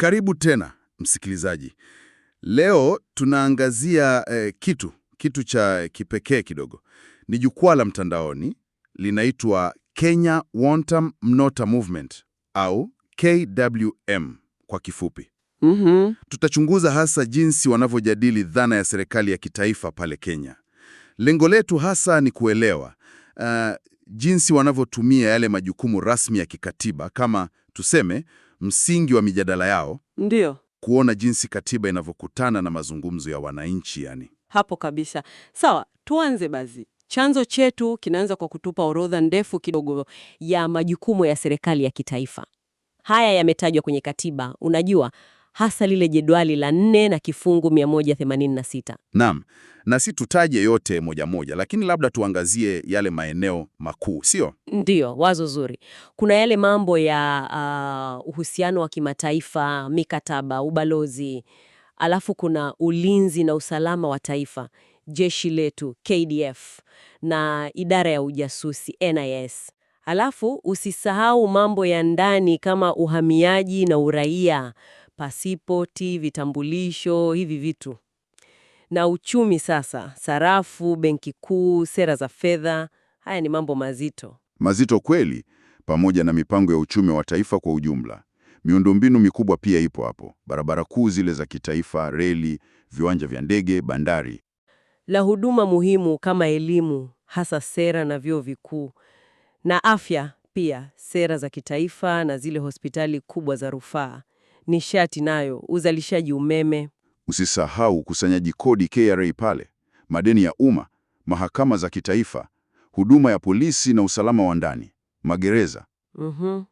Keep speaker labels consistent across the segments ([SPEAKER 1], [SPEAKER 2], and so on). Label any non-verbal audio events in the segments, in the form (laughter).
[SPEAKER 1] Karibu tena msikilizaji. Leo tunaangazia eh, kitu kitu cha kipekee kidogo. Ni jukwaa la mtandaoni linaitwa Kenya Wantam Mnota Movement au KWM kwa kifupi. Mm -hmm. Tutachunguza hasa jinsi wanavyojadili dhana ya serikali ya kitaifa pale Kenya. Lengo letu hasa ni kuelewa uh, jinsi wanavyotumia yale majukumu rasmi ya kikatiba kama tuseme msingi wa mijadala yao ndio kuona jinsi katiba inavyokutana na mazungumzo ya wananchi. Yani
[SPEAKER 2] hapo kabisa. Sawa, tuanze basi. Chanzo chetu kinaanza kwa kutupa orodha ndefu kidogo ya majukumu ya serikali ya kitaifa. Haya yametajwa kwenye katiba, unajua hasa lile jedwali la nne na kifungu 186.
[SPEAKER 1] Naam, na si tutaje yote moja moja, lakini labda tuangazie yale maeneo makuu, sio
[SPEAKER 2] ndio Wazo zuri. Kuna yale mambo ya uh, uhusiano wa kimataifa, mikataba, ubalozi, alafu kuna ulinzi na usalama wa taifa, jeshi letu KDF na idara ya ujasusi NIS. Alafu usisahau mambo ya ndani kama uhamiaji na uraia pasipoti, vitambulisho, hivi vitu. Na uchumi sasa, sarafu, benki kuu, sera za fedha, haya ni mambo mazito.
[SPEAKER 1] Mazito kweli, pamoja na mipango ya uchumi wa taifa kwa ujumla. Miundombinu mikubwa pia ipo hapo, barabara kuu zile za kitaifa, reli, viwanja vya ndege, bandari.
[SPEAKER 2] La huduma muhimu kama elimu, hasa sera na vyuo vikuu, na afya pia, sera za kitaifa na zile hospitali kubwa za rufaa nishati nayo, uzalishaji umeme.
[SPEAKER 1] Usisahau ukusanyaji kodi KRA pale, madeni ya umma, mahakama za kitaifa, huduma ya polisi na usalama wa ndani, magereza.
[SPEAKER 2] mm -hmm.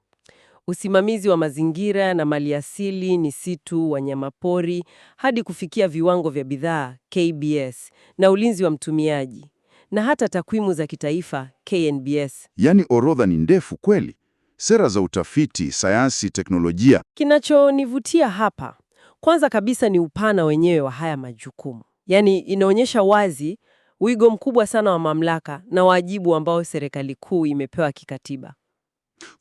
[SPEAKER 2] Usimamizi wa mazingira na maliasili, misitu, wanyamapori, hadi kufikia viwango vya bidhaa KBS, na ulinzi wa mtumiaji, na hata takwimu za kitaifa KNBS.
[SPEAKER 1] Yaani orodha ni ndefu kweli sera za utafiti, sayansi, teknolojia.
[SPEAKER 2] Kinachonivutia hapa kwanza kabisa ni upana wenyewe wa haya majukumu, yaani inaonyesha wazi wigo mkubwa sana wa mamlaka na wajibu ambao serikali kuu imepewa kikatiba.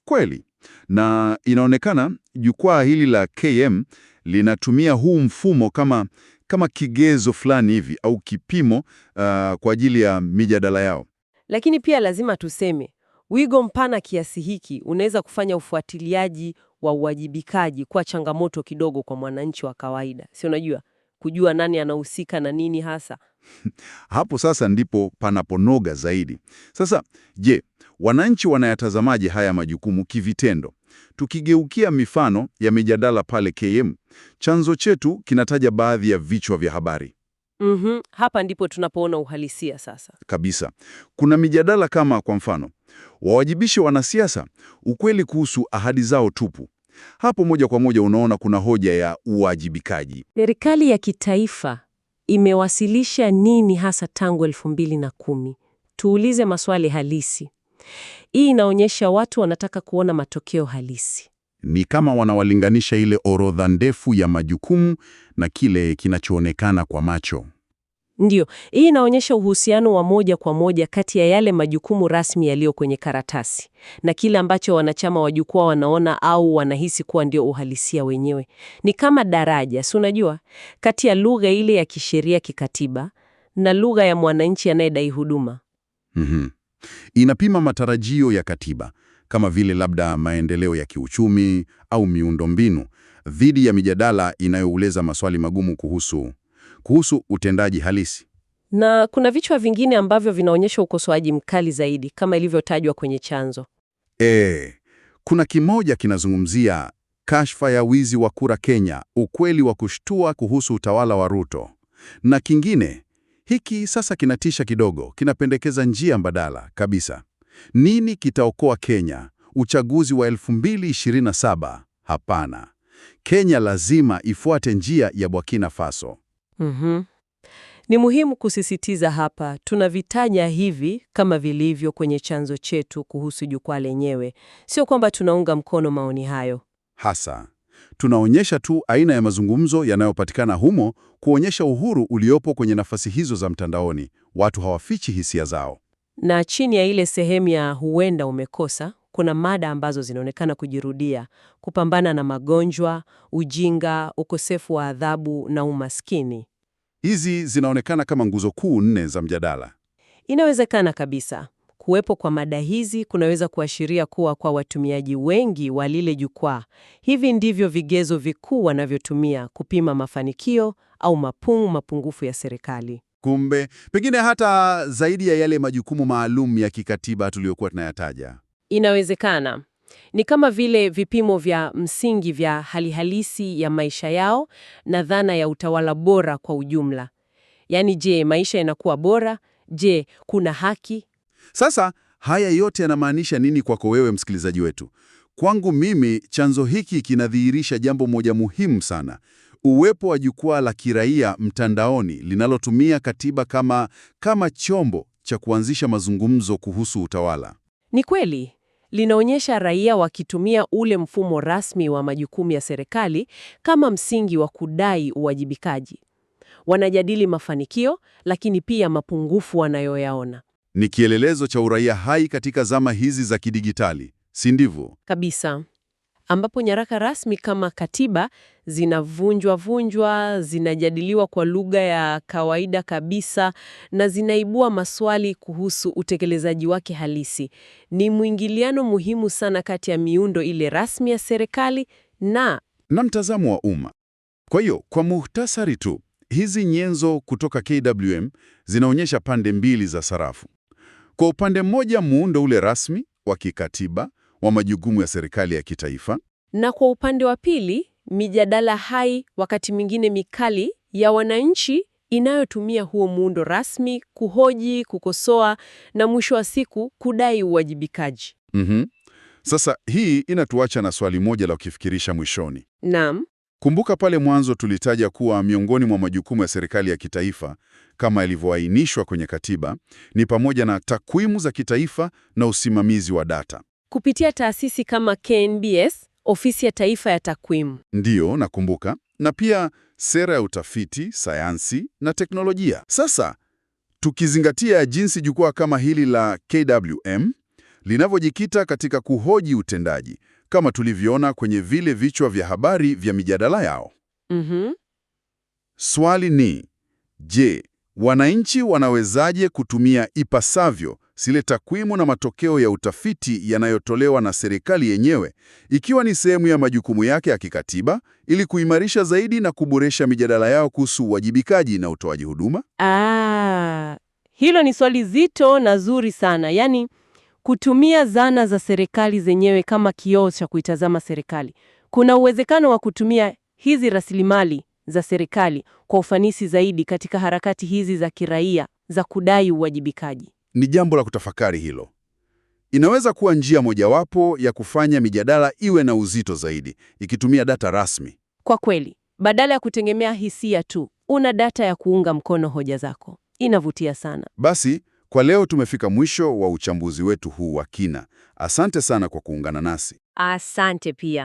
[SPEAKER 1] Kweli, na inaonekana jukwaa hili la KM linatumia huu mfumo kama kama kigezo fulani hivi au kipimo uh, kwa ajili ya mijadala yao.
[SPEAKER 2] Lakini pia lazima tuseme Wigo mpana kiasi hiki unaweza kufanya ufuatiliaji wa uwajibikaji kwa changamoto kidogo kwa mwananchi wa kawaida, si unajua kujua nani anahusika na nini hasa.
[SPEAKER 1] (laughs) Hapo sasa ndipo panaponoga zaidi. Sasa je, wananchi wanayatazamaje haya majukumu kivitendo? Tukigeukia mifano ya mijadala pale KM, chanzo chetu kinataja baadhi ya vichwa vya habari.
[SPEAKER 2] Mm -hmm. Hapa ndipo tunapoona uhalisia sasa
[SPEAKER 1] kabisa. Kuna mijadala kama kwa mfano, wawajibishe wanasiasa ukweli kuhusu ahadi zao tupu. Hapo moja kwa moja unaona kuna hoja ya uwajibikaji.
[SPEAKER 2] Serikali ya kitaifa imewasilisha nini hasa tangu elfu mbili na kumi? Tuulize maswali halisi. Hii inaonyesha watu wanataka kuona matokeo halisi.
[SPEAKER 1] Ni kama wanawalinganisha ile orodha ndefu ya majukumu na kile kinachoonekana kwa macho.
[SPEAKER 2] Ndiyo, hii inaonyesha uhusiano wa moja kwa moja kati ya yale majukumu rasmi yaliyo kwenye karatasi na kile ambacho wanachama wa jukwaa wanaona au wanahisi kuwa ndio uhalisia wenyewe. Ni kama daraja, si unajua, kati ya lugha ile ya kisheria kikatiba na lugha ya mwananchi anayedai huduma.
[SPEAKER 1] Mm-hmm. Inapima matarajio ya katiba, kama vile labda maendeleo ya kiuchumi au miundombinu dhidi ya mijadala inayouleza maswali magumu kuhusu kuhusu utendaji halisi.
[SPEAKER 2] Na kuna vichwa vingine ambavyo vinaonyesha ukosoaji mkali zaidi kama ilivyotajwa kwenye chanzo.
[SPEAKER 1] E, kuna kimoja kinazungumzia kashfa ya wizi wa kura Kenya, ukweli wa kushtua kuhusu utawala wa Ruto, na kingine hiki sasa kinatisha kidogo, kinapendekeza njia mbadala kabisa. Nini kitaokoa Kenya? Uchaguzi wa 2027? Hapana. Kenya lazima ifuate njia ya Burkina Faso.
[SPEAKER 2] Mm -hmm. Ni muhimu kusisitiza hapa, tunavitanya hivi kama vilivyo kwenye chanzo chetu kuhusu jukwaa lenyewe. Sio kwamba tunaunga mkono maoni hayo
[SPEAKER 1] hasa, tunaonyesha tu aina ya mazungumzo yanayopatikana humo, kuonyesha uhuru uliopo kwenye nafasi hizo za mtandaoni. Watu hawafichi hisia zao.
[SPEAKER 2] Na chini ya ile sehemu ya huenda umekosa, kuna mada ambazo zinaonekana kujirudia: kupambana na magonjwa, ujinga, ukosefu wa adhabu na umaskini.
[SPEAKER 1] Hizi zinaonekana kama nguzo kuu nne za mjadala.
[SPEAKER 2] Inawezekana kabisa kuwepo kwa mada hizi kunaweza kuashiria kuwa kwa watumiaji wengi wa lile jukwaa, hivi ndivyo vigezo vikuu wanavyotumia kupima mafanikio au mapungu mapungufu ya serikali.
[SPEAKER 1] Kumbe pengine hata zaidi ya yale majukumu maalum ya kikatiba tuliyokuwa tunayataja.
[SPEAKER 2] Inawezekana ni kama vile vipimo vya msingi vya hali halisi ya maisha yao na dhana ya utawala bora kwa ujumla. Yaani, je, maisha yanakuwa bora? Je, kuna haki?
[SPEAKER 1] Sasa haya yote yanamaanisha nini kwako wewe, msikilizaji wetu? Kwangu mimi, chanzo hiki kinadhihirisha jambo moja muhimu sana. Uwepo wa jukwaa la kiraia mtandaoni linalotumia katiba kama, kama chombo cha kuanzisha mazungumzo kuhusu utawala.
[SPEAKER 2] Ni kweli linaonyesha raia wakitumia ule mfumo rasmi wa majukumu ya serikali kama msingi wa kudai uwajibikaji. Wanajadili mafanikio lakini pia mapungufu wanayoyaona.
[SPEAKER 1] Ni kielelezo cha uraia hai katika zama hizi za kidigitali, si ndivyo?
[SPEAKER 2] Kabisa ambapo nyaraka rasmi kama katiba zinavunjwa vunjwa, zinajadiliwa kwa lugha ya kawaida kabisa na zinaibua maswali kuhusu utekelezaji wake halisi. Ni mwingiliano muhimu sana kati ya miundo ile rasmi ya serikali na
[SPEAKER 1] na mtazamo wa umma. Kwa hiyo, kwa muhtasari tu, hizi nyenzo kutoka KWM zinaonyesha pande mbili za sarafu. Kwa upande mmoja, muundo ule rasmi wa kikatiba wa majukumu ya serikali ya kitaifa,
[SPEAKER 2] na kwa upande wa pili, mijadala hai, wakati mwingine mikali, ya wananchi inayotumia huo muundo rasmi kuhoji, kukosoa na mwisho wa siku kudai uwajibikaji.
[SPEAKER 1] Mm -hmm. Sasa hii inatuacha na swali moja la kufikirisha mwishoni. Naam. Kumbuka pale mwanzo tulitaja kuwa miongoni mwa majukumu ya serikali ya kitaifa kama ilivyoainishwa kwenye katiba ni pamoja na takwimu za kitaifa na usimamizi wa data
[SPEAKER 2] kupitia taasisi kama KNBS, Ofisi ya Taifa ya Takwimu.
[SPEAKER 1] Ndiyo, nakumbuka, na pia sera ya utafiti, sayansi na teknolojia. Sasa tukizingatia jinsi jukwaa kama hili la KWM linavyojikita katika kuhoji utendaji kama tulivyoona kwenye vile vichwa vya habari vya mijadala yao. Mm -hmm. Swali ni je, wananchi wanawezaje kutumia ipasavyo sile takwimu na matokeo ya utafiti yanayotolewa na serikali yenyewe, ikiwa ni sehemu ya majukumu yake ya kikatiba ili kuimarisha zaidi na kuboresha mijadala yao kuhusu uwajibikaji na utoaji huduma?
[SPEAKER 2] Ah, hilo ni swali zito na zuri sana. Yaani kutumia zana za serikali zenyewe kama kioo cha kuitazama serikali. Kuna uwezekano wa kutumia hizi rasilimali za serikali kwa ufanisi zaidi katika harakati hizi za kiraia za kudai uwajibikaji
[SPEAKER 1] ni jambo la kutafakari hilo. Inaweza kuwa njia mojawapo ya kufanya mijadala iwe na uzito zaidi, ikitumia data rasmi.
[SPEAKER 2] Kwa kweli, badala ya kutegemea hisia tu, una data ya kuunga mkono hoja zako. Inavutia sana.
[SPEAKER 1] Basi kwa leo tumefika mwisho wa uchambuzi wetu huu wa kina. Asante sana kwa kuungana nasi.
[SPEAKER 2] Asante pia.